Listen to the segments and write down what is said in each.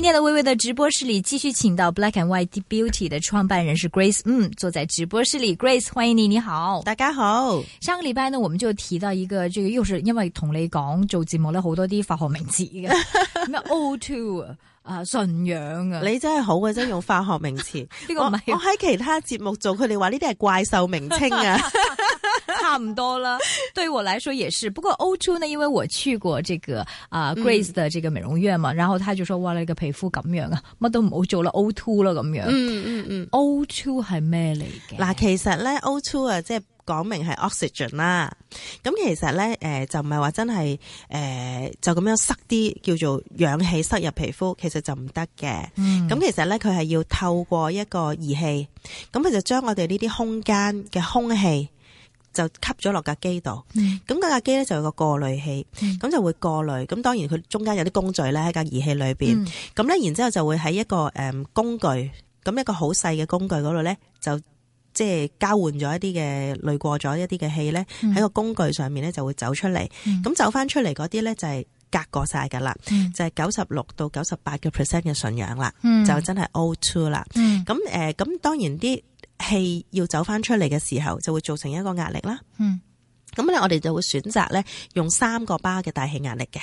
今天的微微的直播室裏，繼續請到 Black and White Beauty 的創辦人是 Grace，嗯，坐在直播室裏，Grace，歡迎你，你好，大家好。上個禮拜呢，我們就提到一個，這個、又是因為同你講做節目呢，好多啲化學名詞嘅，咩 O two 啊，純氧啊,啊，你真係好嘅、啊，真係用化學名詞。呢 個唔係、啊，我喺其他節目做，佢哋話呢啲係怪獸名稱啊。 差唔多啦，對我來說也是。不過 O two 呢，因為我去過這個啊、uh, Grace 的這個美容院嘛，嗯、然後他就說哇你個皮膚咁樣啊，乜都唔好做啦，O two 啦咁樣。嗯嗯 O two 係咩嚟嘅嗱？其實咧 O two 啊，O2，即係講明係 oxygen 啦。咁其實咧誒、呃、就唔係話真係誒、呃、就咁樣塞啲叫做氧氣塞入皮膚，其實就唔得嘅。咁、嗯、其實咧佢係要透過一個儀器，咁佢就將我哋呢啲空間嘅空氣。就吸咗落架機度，咁架架機咧就有個過濾器，咁、嗯、就會過濾。咁當然佢中間有啲工序咧喺架儀器裏邊，咁、嗯、咧然之後就會喺一個誒、um, 工具，咁一個好細嘅工具嗰度咧，就即係、就是、交換咗一啲嘅濾過咗一啲嘅氣咧，喺、嗯、個工具上面咧就會走出嚟。咁、嗯、走翻出嚟嗰啲咧就係隔過晒噶啦，就係九十六到九十八個 percent 嘅純氧啦，就真係 O two 啦。咁、嗯、誒，咁、呃、當然啲。氣要走翻出嚟嘅時候，就會造成一個壓力啦。嗯咁咧，我哋就會選擇咧用三個巴嘅大氣壓力嘅。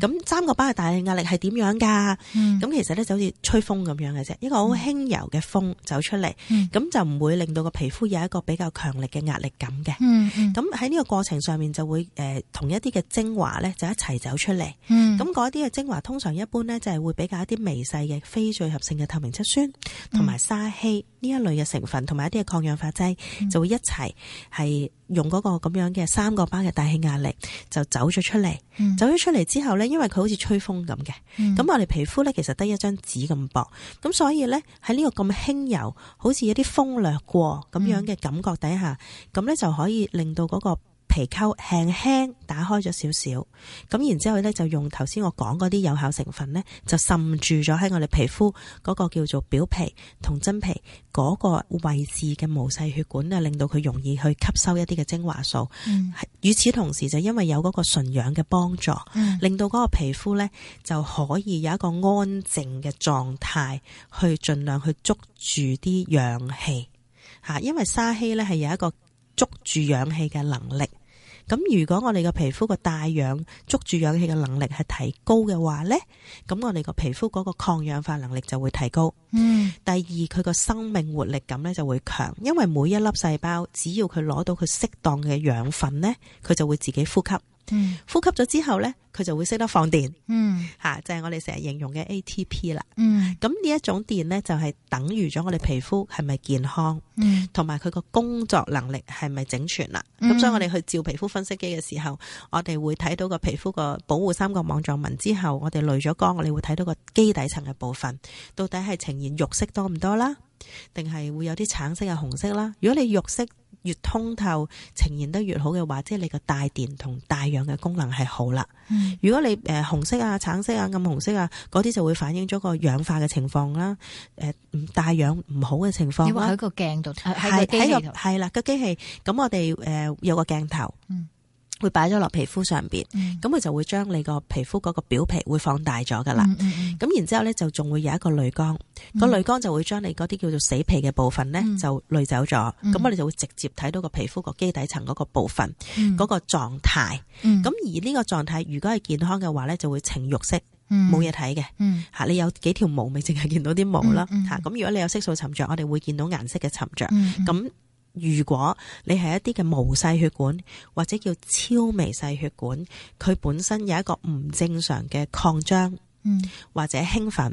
咁、嗯、三個巴嘅大氣壓力係點樣噶？咁、嗯、其實咧就好似吹風咁樣嘅啫、嗯，一個好輕柔嘅風走出嚟，咁、嗯、就唔會令到個皮膚有一個比較強力嘅壓力感嘅。咁喺呢個過程上面就會同、呃、一啲嘅精華咧就一齊走出嚟。咁嗰啲嘅精華通常一般咧就係會比較一啲微細嘅非聚合性嘅透明質酸同埋、嗯、沙希呢一類嘅成分，同埋一啲嘅抗氧化劑、嗯、就會一齊係用嗰個咁樣嘅三個巴嘅大氣壓力就走咗出嚟，走、嗯、咗出嚟之後呢，因為佢好似吹風咁嘅，咁、嗯、我哋皮膚呢，其實得一張紙咁薄，咁所以呢，喺呢個咁輕柔，好似有啲風掠過咁樣嘅感覺底下，咁、嗯、呢就可以令到嗰、嗰個皮溝輕輕打開咗少少，咁然之後咧就用頭先我講嗰啲有效成分咧，就滲住咗喺我哋皮膚嗰個叫做表皮同真皮嗰個位置嘅毛細血管啊，令到佢容易去吸收一啲嘅精華素。嗯。與此同時就因為有嗰個純氧嘅幫助，嗯。令到嗰個皮膚咧就可以有一個安靜嘅狀態，去盡量去捉住啲氧氣。吓，因為沙希咧係有一個捉住氧氣嘅能力。咁如果我哋個皮膚個帶氧捉住氧氣嘅能力係提高嘅話呢，咁我哋個皮膚嗰個抗氧化能力就會提高。嗯、第二，佢個生命活力感呢就會強，因為每一粒細胞，只要佢攞到佢適當嘅養分呢，佢就會自己呼吸。嗯，呼吸咗之後呢，佢就會識得放電。嗯，吓就係、是，我哋成日形容嘅 ATP 啦，嗯。嗯，咁呢一種電呢，就係等於咗我哋皮膚係咪健康，同埋佢個工作能力係咪整全啦。咁、嗯、所以我哋去照皮膚分析機嘅時候，我哋會睇到個皮膚個保護三角網狀紋之後，我哋濾咗光，我哋會睇到個基底層嘅部分，到底係呈現肉色多唔多啦。定係會有啲橙色啊、紅色啦。如果你肉色越通透，呈現得越好嘅話，即係你個帶電同帶氧嘅功能係好啦、嗯。如果你誒紅色啊、橙色啊、暗紅色啊嗰啲就會反映咗個氧化嘅情況啦。誒，帶氧唔好嘅情況。如果喺個鏡度睇，喺個係啦個機器。咁我哋誒有個鏡頭。嗯會擺咗落皮膚上邊，咁、嗯、佢就會將你個皮膚嗰個表皮會放大咗噶啦。咁、嗯嗯、然之後咧，就仲會有一個濾光，個濾光就會將你嗰啲叫做死皮嘅部分咧，就濾走咗。咁我哋就會直接睇到個皮膚個基底層嗰個部分，嗰、嗯嗰個狀態。咁、嗯、而呢個狀態，如果係健康嘅話咧，就會呈肉色，冇嘢睇嘅。吓、嗯，你有幾條毛咪淨係見到啲毛啦。吓、嗯、咁、嗯、如果你有色素沉着，我哋會見到顏色嘅沉着。咁、嗯嗯如果你係一啲嘅毛細血管或者叫超微細血管，佢本身有一個唔正常嘅擴張，或者興奮，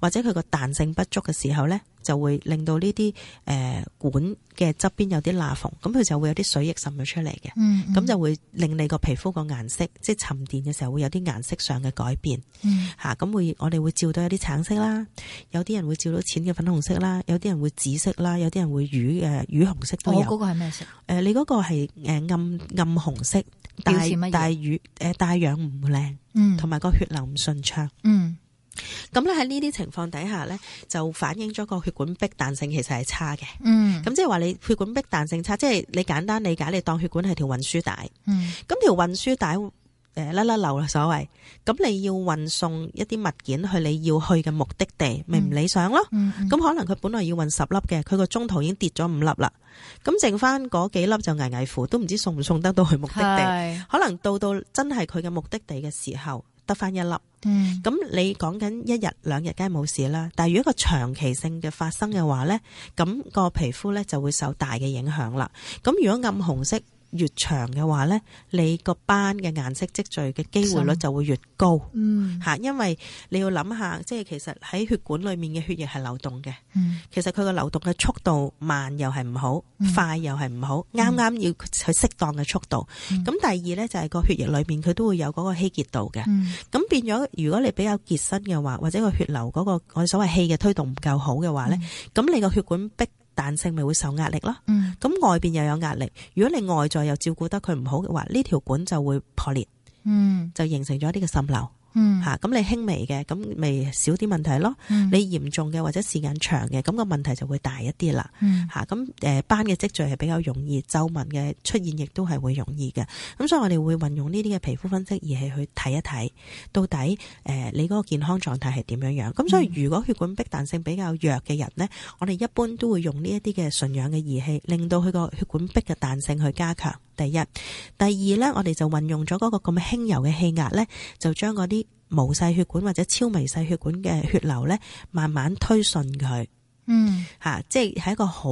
或者佢個彈性不足嘅時候呢。就會令到呢啲誒管嘅側邊有啲罅縫，咁佢就會有啲水液滲咗出嚟嘅，咁、嗯嗯、就會令你個皮膚個顏色即係沉澱嘅時候會有啲顏色上嘅改變，吓、嗯、咁、啊、會我哋會照到有啲橙色啦，有啲人會照到淺嘅粉紅色啦，有啲人會紫色啦，有啲人會瘀、誒、瘀紅色都有。我、哦、嗰、那個係咩色？誒、呃，你嗰個係暗暗紅色，帶帶瘀誒帶氧唔靚，同埋個血流唔順暢，嗯。嗯咁咧喺呢啲情況底下咧，就反映咗個血管壁彈性其實係差嘅。嗯，咁即係話你血管壁彈性差，即係你簡單理解，你當血管係條運輸帶。嗯，咁條運輸帶誒甩甩流啦，所謂。咁你要運送一啲物件去你要去嘅目的地，咪、嗯、唔理想咯。咁、嗯、可能佢本來要運十粒嘅，佢個中途已經跌咗五粒啦。咁剩翻嗰幾粒就危危乎，都唔知送唔送得到去目的地。可能到到真係佢嘅目的地嘅時候。得翻一粒，咁、嗯、你講緊一日兩日梗係冇事啦。但係如果個長期性嘅發生嘅話咧，咁、個皮膚咧就會受大嘅影響啦。咁如果暗紅色。越長嘅話咧，你個斑嘅顏色積聚嘅機會率就會越高，嚇，因為你要諗下，即係其實喺血管裡面嘅血液係流動嘅，其實佢個流動嘅速度慢又係唔好，快又係唔好，啱啱要去適當嘅速度。咁第二咧就係個血液裡面佢都會有嗰個稀稠度嘅，咁變咗如果你比較稠身嘅話，或者個血流嗰個我哋所謂氣嘅推動唔夠好嘅話咧，咁你個血管壁彈性咪會受壓力咯，咁、嗯、外邊又有壓力，如果你外在又照顧得佢唔好嘅話，呢條管就會破裂，就形成咗呢嘅滲漏。嗯，吓，咁你輕微嘅，咁咪少啲問題咯。嗯、你嚴重嘅或者時間長嘅，咁、那個問題就會大一啲啦。吓、嗯、咁，誒，斑嘅積聚係比較容易，皺紋嘅出現亦都係會容易嘅。咁所以我哋會運用呢啲嘅皮膚分析儀器去睇一睇到底，誒，你嗰個健康狀態係點樣樣。咁所以如果血管壁彈性比較弱嘅人呢、嗯，我哋一般都會用呢一啲嘅純氧嘅儀器，令到佢個血管壁嘅彈性去加強。第一、第二咧，我哋就運用咗嗰個咁輕柔嘅氣壓咧，就將嗰啲毛細血管或者超微細血管嘅血流咧，慢慢推順佢。嗯，吓，啊，即係係一個好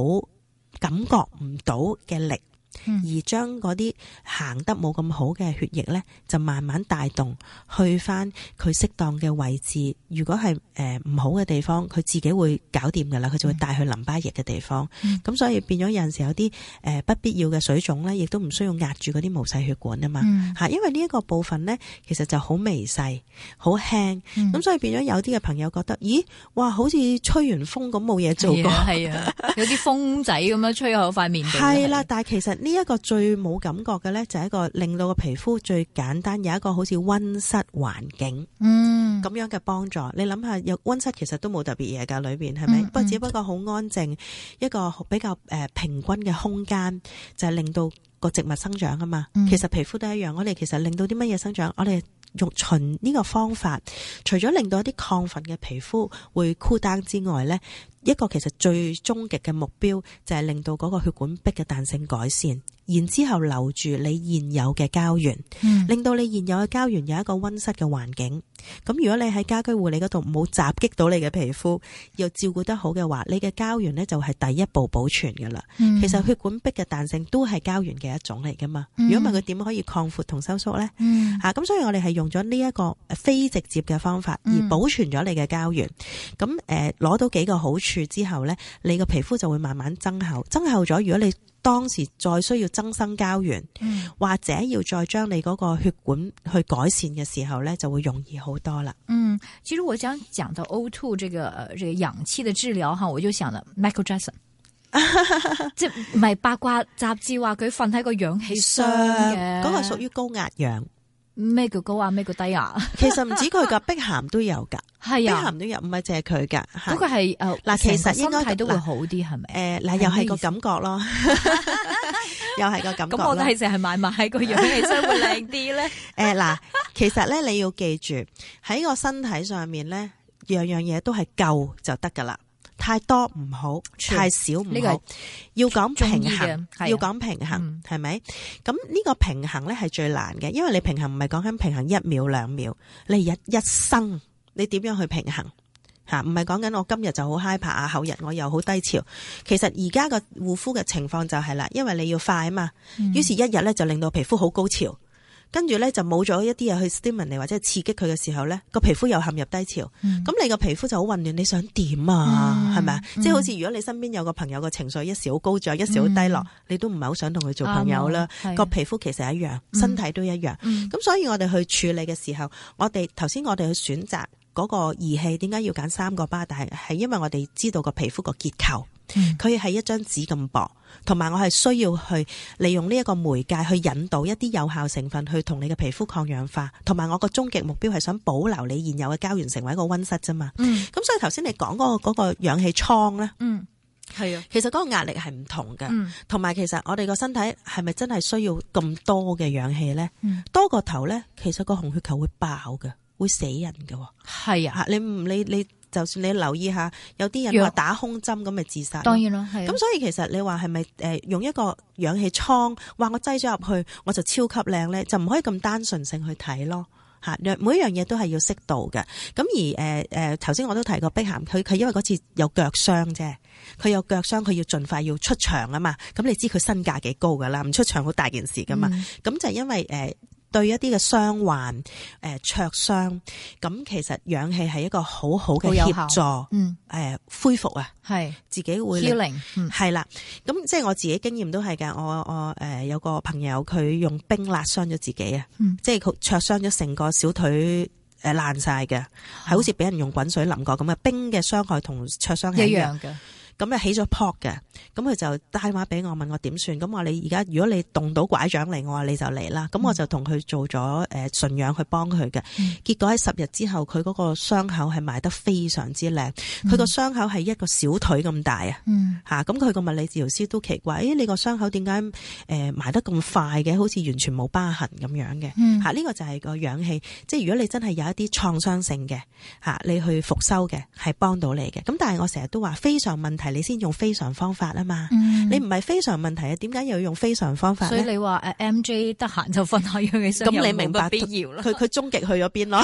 感覺唔到嘅力。嗯、而將嗰啲行得冇咁好嘅血液呢，就慢慢帶動去返佢適當嘅位置。如果係誒唔好嘅地方，佢自己會搞掂噶啦，佢就會帶去淋巴液嘅地方。咁、嗯、所以變咗有陣時有啲誒、呃、不必要嘅水腫呢，亦都唔需要壓住嗰啲毛細血管啊嘛吓、嗯，因為呢一個部分呢，其實就好微細、好輕。咁、嗯、所以變咗有啲嘅朋友覺得，咦，哇，好似吹完風咁冇嘢做噶，係啊，啊 有啲風仔咁樣吹喺塊面係啦，但係其實。呢、這個就是、一個最冇感覺嘅呢，就係一個令到個皮膚最簡單，有一個好似温室環境這，嗯，咁樣嘅幫助。你諗下，有温室其實都冇特別嘢噶，裏邊係咪？不、嗯、過、嗯、只不過好安靜，一個比較誒平均嘅空間，就係令到個植物生長啊嘛。其實皮膚都一樣，我哋其實令到啲乜嘢生長，我哋。用循呢個方法，除咗令到一啲亢奮嘅皮膚會 cool down 之外呢，一個其實最終極嘅目標就係令到嗰個血管壁嘅彈性改善。然之後留住你現有嘅膠原，嗯、令到你現有嘅膠原有一個溫室嘅環境。咁如果你喺家居護理嗰度冇襲擊到你嘅皮膚，又照顧得好嘅話，你嘅膠原呢就係第一步保存㗎喇、嗯。其實血管壁嘅彈性都係膠原嘅一種嚟噶嘛。如果唔係佢點可以擴闊同收縮呢、嗯？啊，咁所以我哋係用咗呢一個非直接嘅方法而保存咗你嘅膠原。咁誒攞到幾個好處之後呢，你嘅皮膚就會慢慢增厚，增厚咗。如果你當時再需要增生膠原，嗯、或者要再將你嗰個血管去改善嘅時候咧，就會容易好多啦。嗯，其實我想講到 O two 這個、這個氧氣的治療哈，我就想了 Michael Jackson，即係唔係八卦雜誌話佢瞓喺個氧氣箱嘅，嗰個屬於高壓氧。咩叫高啊？咩叫低啊？其實唔止佢噶，碧咸都有噶，係啊，碧咸都有，唔係淨係佢噶。嗰個係誒，嗱， 其實應該身體應該都，應都會好啲，係、啊、咪？誒，嗱，又係個感覺咯， 又係個感覺。咁、 嗯、我哋淨係買買個樣，起身會靚啲咧。誒，嗱，其實咧你要記住喺個身體上面咧，樣樣嘢都係夠就得噶啦。太多唔好，太少唔好，要講平衡，要講平衡，係咪？咁呢個平衡呢係最難嘅，因為你平衡唔係講緊平衡一秒兩秒，你日一生你點樣去平衡？吓，唔係講緊我今日就好 high 啊，後日我又好低潮。其實而家個護膚嘅情況就係啦，因為你要快啊嘛，於是，一日呢就令到皮膚好高潮。跟住咧，就冇咗一啲嘢去 stimulate 或者刺激佢嘅時候咧，個皮膚又陷入低潮，咁、嗯、你個皮膚就好混亂。你想點啊？係咪啊？即係好似如果你身邊有個朋友個情緒一時好高漲，一時好低落，嗯、你都唔係好想同佢做朋友啦。嗯、那個皮膚其實一樣，身體都一樣。咁、嗯、所以我哋去處理嘅時候，我哋頭先我哋去選擇嗰個儀器，點解要揀三個巴？但係係因為我哋知道個皮膚個結構。佢、嗯、係一張紙咁薄，同埋我係需要去利用呢一個媒介去引導一啲有效成分去同你嘅皮膚抗氧化，同埋我個終極目標係想保留你現有嘅膠原成為一個溫室啫嘛。咁、嗯、所以頭先你講嗰個個氧氣倉咧，係、嗯、啊，其實嗰個壓力係唔同嘅，同、嗯、埋其實我哋個身體係咪真係需要咁多嘅氧氣咧、嗯？多過頭咧，其實個紅血球會爆嘅，會死人嘅。係啊，你你你。你就算你留意下，有啲人話打空針咁咪自殺，當然啦，係。咁所以其實你話係咪用一個氧氣倉，話我擠咗入去我就超級靚咧，就唔可以咁單純性去睇咯，嚇。每樣嘢都係要適度嘅。咁而誒誒，呃、頭先我都提過，碧咸，佢佢因為嗰次有腳傷啫，佢有腳傷，佢要盡快要出場啊嘛。咁你知佢身價幾高噶啦，唔出場好大件事噶嘛。咁、嗯、就係因為誒。呃對一啲嘅傷患，誒灼傷，咁其實氧氣係一個好好嘅協助，嗯，誒、呃、恢復啊，係自己會超靈，係啦、嗯，咁即係我自己經驗都係嘅，我我誒、呃、有個朋友佢用冰辣傷咗自己啊、嗯，即係佢灼傷咗成個小腿誒爛晒嘅，係、嗯、好似俾人用滾水淋過咁啊，冰嘅傷害同灼傷係一樣嘅。咁又起咗泡嘅，咁佢就打電話俾我問我點算，咁我話你而家如果你動到拐杖嚟，我話你就嚟啦，咁、嗯、我就同佢做咗誒純氧去幫佢嘅，結果喺十日之後佢嗰個傷口係埋得非常之靚，佢個傷口係一個小腿咁大啊，吓、嗯，咁佢個物理治療師都奇怪，誒、哎、你個傷口點解誒埋得咁快嘅？好似完全冇疤痕咁樣嘅，吓、嗯、呢、啊這個就係個氧氣，即係如果你真係有一啲創傷性嘅吓、啊、你去復修嘅係幫到你嘅，咁但係我成日都話非常問題。係你先用非常方法啊嘛，你唔係非常問題啊，點解又要用非常方法、嗯、非常方法，所以你話誒，M J 得閒就分開佢嘅心，咁你明白必要啦。佢佢終極去咗邊咯？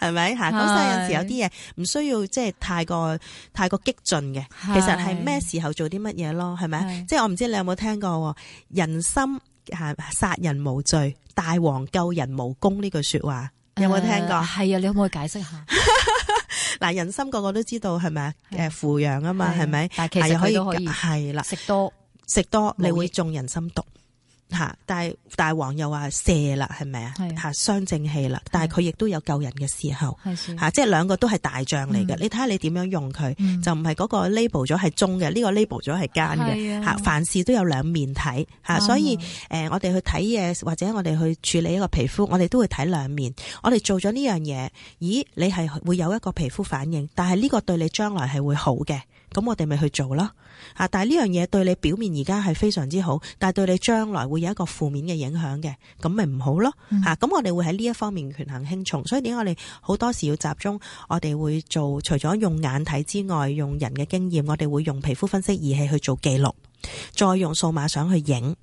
係咪吓？咁所以有陣時有啲嘢唔需要即係太過太過激進嘅，其實係咩時候做啲乜嘢咯？係咪？即係我唔知你有冇聽過人心吓殺人無罪，大王救人無功呢句說話有冇聽過？係啊，你可唔可以解釋下？ 嗱，人參個個都知道係咪啊？誒，扶陽啊嘛，係咪？但其實可以，係啦，食多食多，多，你會中人參毒。吓，但係大王又話射啦，係咪啊？吓，傷正氣啦，但係佢亦都有救人嘅時候，吓，即係兩個都係大將嚟嘅，嗯。你睇下你點樣用佢，嗯，就唔係嗰個 label 咗係忠嘅，呢，這個 label 咗係奸嘅，吓，凡事都有兩面睇吓。所以誒、嗯、呃，我哋去睇嘢，或者我哋去處理一個皮膚，我哋都會睇兩面。我哋做咗呢樣嘢，咦？你係會有一個皮膚反應，但係呢個對你將來係會好嘅。咁我哋咪去做囉。但係呢樣嘢對你表面而家係非常之好，但係對你將來會有一個負面嘅影響嘅，咁咪唔好咯，吓、嗯！咁、啊、我哋會喺呢一方面權衡輕重，所以點解我哋好多時候要集中，我哋會做除咗用眼睇之外，用人嘅經驗，我哋會用皮膚分析儀器去做記錄。再用數碼相去影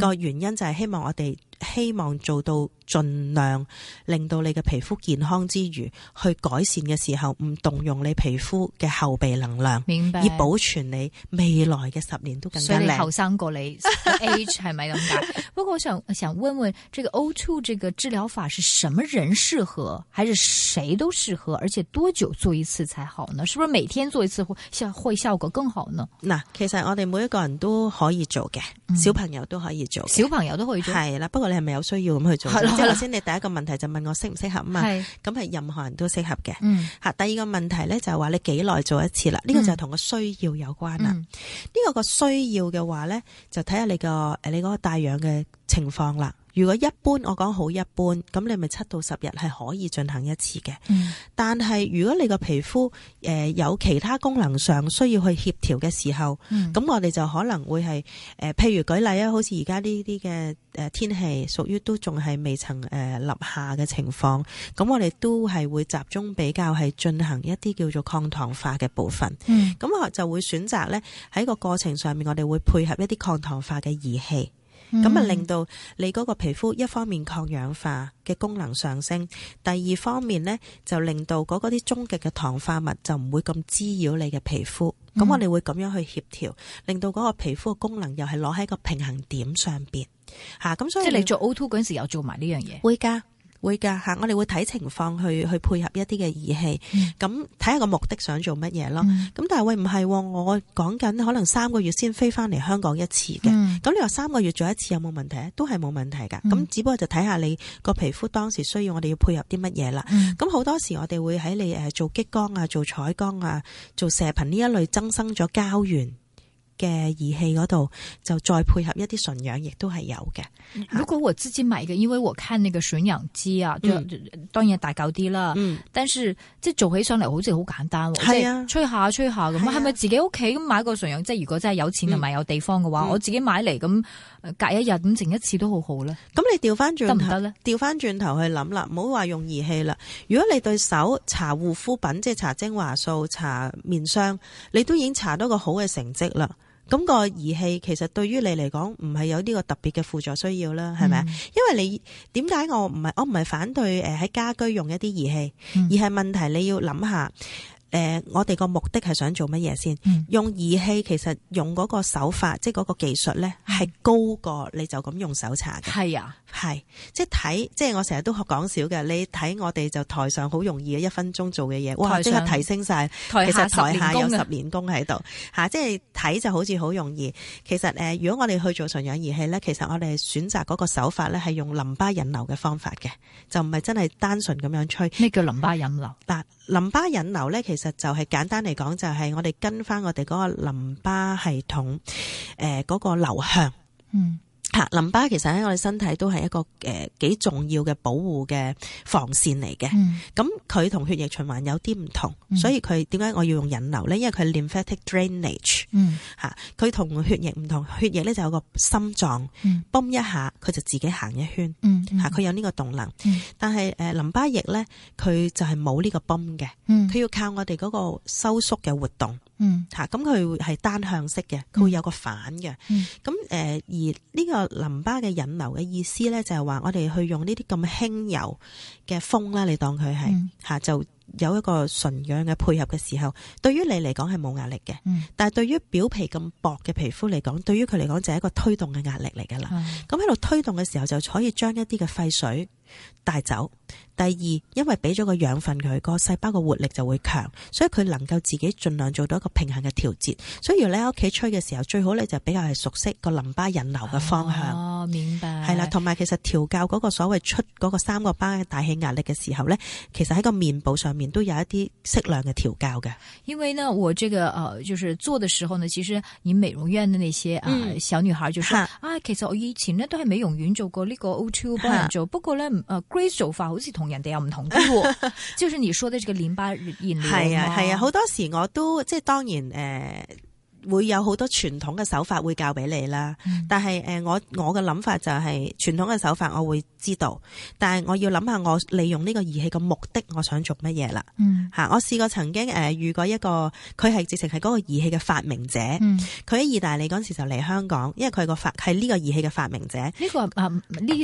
個、嗯、原因就係希望我哋希望做到盡量令到你嘅皮膚健康之餘，去改善嘅時候唔動用你皮膚嘅後備能量明白，以保存你未來嘅十年都更加靚，後生過你 age 係咪咁解？ 不過我想想問問，這個 O2 這個治療法是什麼人適合，還是誰都適合？而且多久做一次才好呢？是不是每天做一次效會效果更好呢？嗱，其實我哋每一個人。都可以做嘅、嗯，小朋友都可以做，小朋友都可以做，係啦。不過你係咪有需要咁去做？即係頭先，你第一個問題就問我適唔適合嘛？係咁係任何人都適合嘅。嗯，吓第二個問題咧就係、是、話你幾耐做一次啦？呢、這個就係同個需要有關啦。呢、嗯嗯這個個需要嘅話咧，就睇下你，你嗰個誒你個帶氧嘅情況啦。如果一般，我講好一般，咁你咪七到十日係可以進行一次嘅、嗯。但係如果你個皮膚誒、呃、有其他功能上需要去協調嘅時候，咁、嗯、我哋就可能會係誒、呃，譬如舉例啊，好似而家呢啲嘅誒天氣，屬於都仲係未曾誒、呃、立夏嘅情況，咁我哋都係會集中比較係進行一啲叫做抗糖化嘅部分。咁、嗯、我就會選擇呢，喺個過程上面，我哋會配合一啲抗糖化嘅儀器。咁、嗯、啊，令到你嗰個皮膚一方面抗氧化嘅功能上升，第二方面咧就令到嗰啲終極嘅糖化物就唔會咁滋擾你嘅皮膚。咁、嗯、我哋會咁樣去協調，令到嗰個皮膚嘅功能又係攞喺個平衡點上邊吓。咁、啊、所以即係你做 O two 嗰陣時，有做埋呢樣嘢。會噶。會噶吓，我哋會睇情況去去配合一啲嘅儀器，咁睇下個目的想做乜嘢咯。咁、嗯、但係喂唔係，我講緊可能三個月先飛翻嚟香港一次嘅。咁、嗯、你話三個月做一次有冇問題？都係冇問題噶。咁、嗯、只不過就睇下你個皮膚當時需要我哋要配合啲乜嘢啦。咁、嗯、好多時我哋會喺你誒做激光啊、做彩光啊、做射頻呢一類增生咗膠原嘅儀器嗰度就再配合一啲純氧，亦都係有嘅。如果我自己買嘅，因為我看呢個純氧機啊、嗯，當然大舊啲啦、嗯。但是即係做起上嚟好似好簡單、嗯，即係吹下吹下咁。係、嗯、咪自己屋企咁買個純氧、嗯？即係如果真係有錢同埋有地方嘅話、嗯，我自己買嚟咁隔一日咁整一次都好好咧。咁你調翻轉得唔得咧？調翻轉頭去諗啦，唔好話用儀器啦。如果你對手搽護膚品，即係搽精華素、搽面霜，你都已經搽到個好嘅成績啦。咁、個儀器其實對於你嚟講唔係有呢個特別嘅輔助需要啦，係咪啊？嗯、因為你點解我唔係我唔係反對誒喺家居用一啲儀器，而係問題你要諗下。誒、呃，我哋個目的係想做乜嘢先？用儀器其實用嗰個手法，即係嗰個技術咧，係、嗯、高過你就咁用手查嘅。係啊，係即係睇，即係我成日都講少嘅。你睇我哋就台上好容易嘅一分鐘做嘅嘢，哇！即刻提升晒，其實台下有十年功喺度吓，即係睇就好似好容易。其實誒、呃，如果我哋去做純氧儀器咧，其實我哋選擇嗰個手法咧，係用淋巴引流嘅方法嘅，就唔係真係單純咁樣吹。咩叫淋巴引流？淋巴引流呢，其實就係簡單嚟講，就係、是、我哋跟翻我哋嗰個淋巴系統嗰個流向，嗯。嚇，淋巴其實喺我哋身體都係一個誒幾重要嘅保護嘅防線嚟嘅。咁佢同血液循環有啲唔同，嗯，所以佢點解我要用引流咧？因為佢係 Lymphatic Drainage 嚇，嗯，佢同血液唔同。血液咧就有個心臟泵，嗯，一下，佢就自己行一圈嚇，佢，嗯嗯，有呢個動能。嗯，但係誒淋巴液咧，佢就係冇呢個泵嘅，佢要靠我哋嗰個收縮嘅活動。嗯，吓咁佢會係單向式嘅，佢、嗯、會有個反嘅。咁、嗯、誒，而呢個淋巴嘅引流嘅意思咧，就係話我哋去用呢啲咁輕柔嘅風啦，你當佢係吓，就有一個純氧嘅配合嘅時候，對於你嚟講係冇壓力嘅、嗯。但係對於表皮咁薄嘅皮膚嚟講，對於佢嚟講就係一個推動嘅壓力嚟噶啦。咁喺度推動嘅時候，就可以將一啲嘅廢水帶走。第二，因為俾咗個養分佢個細胞個活力就會強，所以佢能夠自己盡量做到一個平衡嘅調節。所以你喺屋企吹嘅時候，最好咧就比較係熟悉個淋巴引流嘅方向。哦，明白。係啦，同埋其實調教嗰個所謂出嗰個三個巴嘅大氣壓力嘅時候咧，其實喺個面部上面都有一啲適量嘅調教嘅。因為呢，我這個誒，就是做的時候呢，其實以美容院的那些啊小女孩就說、嗯、啊,啊，其實我以前呢都係美容院做過呢個 O2 幫人做，不過呢。誒 Grace 做法好。好似同人哋又唔同嘅， 就是你說的這個淋巴炎，係啊係啊，好多時我都即係當然誒。呃會有好多傳統嘅手法會教俾你啦、嗯，但係誒我我嘅諗法就係、是、傳統嘅手法，我會知道，但係我要諗下我利用呢個儀器嘅目的，我想做乜嘢啦？嚇、嗯，我試過曾經誒、呃、遇過一個，佢係直情係嗰個儀器嘅發明者，佢、嗯、喺意大利嗰時就嚟香港，因為佢係個發係呢個儀器嘅發明者。呢、這個呢、啊、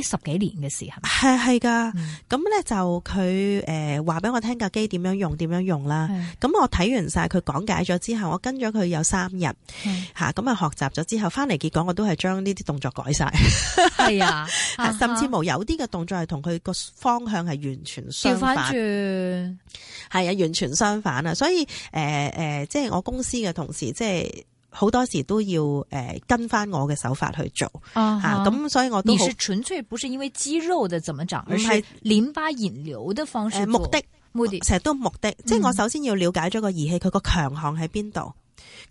十幾年嘅事係係㗎，咁、嗯、咧、嗯、就佢誒話俾我聽架機點樣用點樣用啦。咁我睇完晒佢講解咗之後，我跟咗佢有三日。吓咁啊！學習咗之後翻嚟，結果我都係將呢啲動作改晒，係啊， 甚至乎有啲嘅動作係同佢個方向係完全相反，係啊，完全相反、呃呃呃、啊，啊！所以誒誒，即係我公司嘅同事，即係好多時都要誒跟翻我嘅手法去做吓，咁所以我都。你是純粹唔係因為肌肉嘅怎麼長，而是，是淋巴引流嘅方式目的、呃、目的，成日都目的，嗯、即係我首先要了解咗個儀器，佢個強項喺邊度。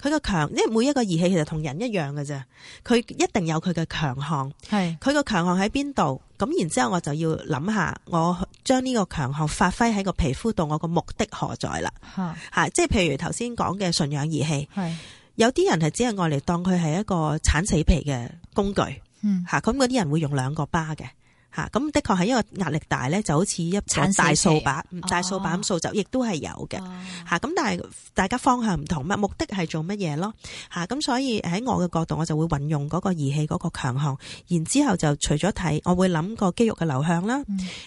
佢個強，因為每一個儀器其實同人一樣嘅啫，佢一定有佢嘅強項。係佢個強項喺邊度？咁然之後我就要諗下，我將呢個強項發揮喺個皮膚度，到我個目的何在啦？吓，即係譬如頭先講嘅純氧儀器，有啲人係只係愛嚟當佢係一個鏟死皮嘅工具。嗯，吓咁嗰啲人會用兩個巴嘅。咁的確係因為壓力大咧，就好似一把大掃把，oh. 大掃把咁掃走，亦都係有嘅。咁但係大家方向唔同，乜目的係做乜嘢咯。咁所以喺我嘅角度，我就會運用嗰個儀器嗰個強項，然之後就除咗睇，我會諗個肌肉嘅流向啦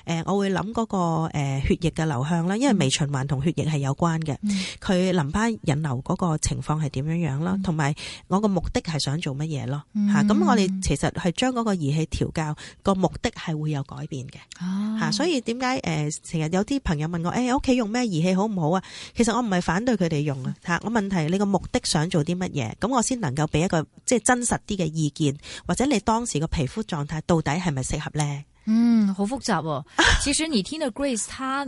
，mm. 我會諗嗰個血液嘅流向啦，因為微循環同血液係有關嘅，佢、mm. 淋巴引流嗰個情況係點樣樣啦，同、mm. 埋我個目的係想做乜嘢咯。咁、mm. 我哋其實係將嗰個儀器調校，個目的係。會有改變嘅吓、哦啊，所以點解誒，成、呃、日有啲朋友問我，誒、欸，屋企用咩儀器好唔好啊？其實我唔係反對佢哋用啊，吓，我問題你個目的想做啲乜嘢？咁我先能夠俾一個即係真實啲嘅意見，或者你當時個皮膚狀態到底係咪適合咧？嗯，好複雜嘅、哦， 其實你聽嘅 Grace，他。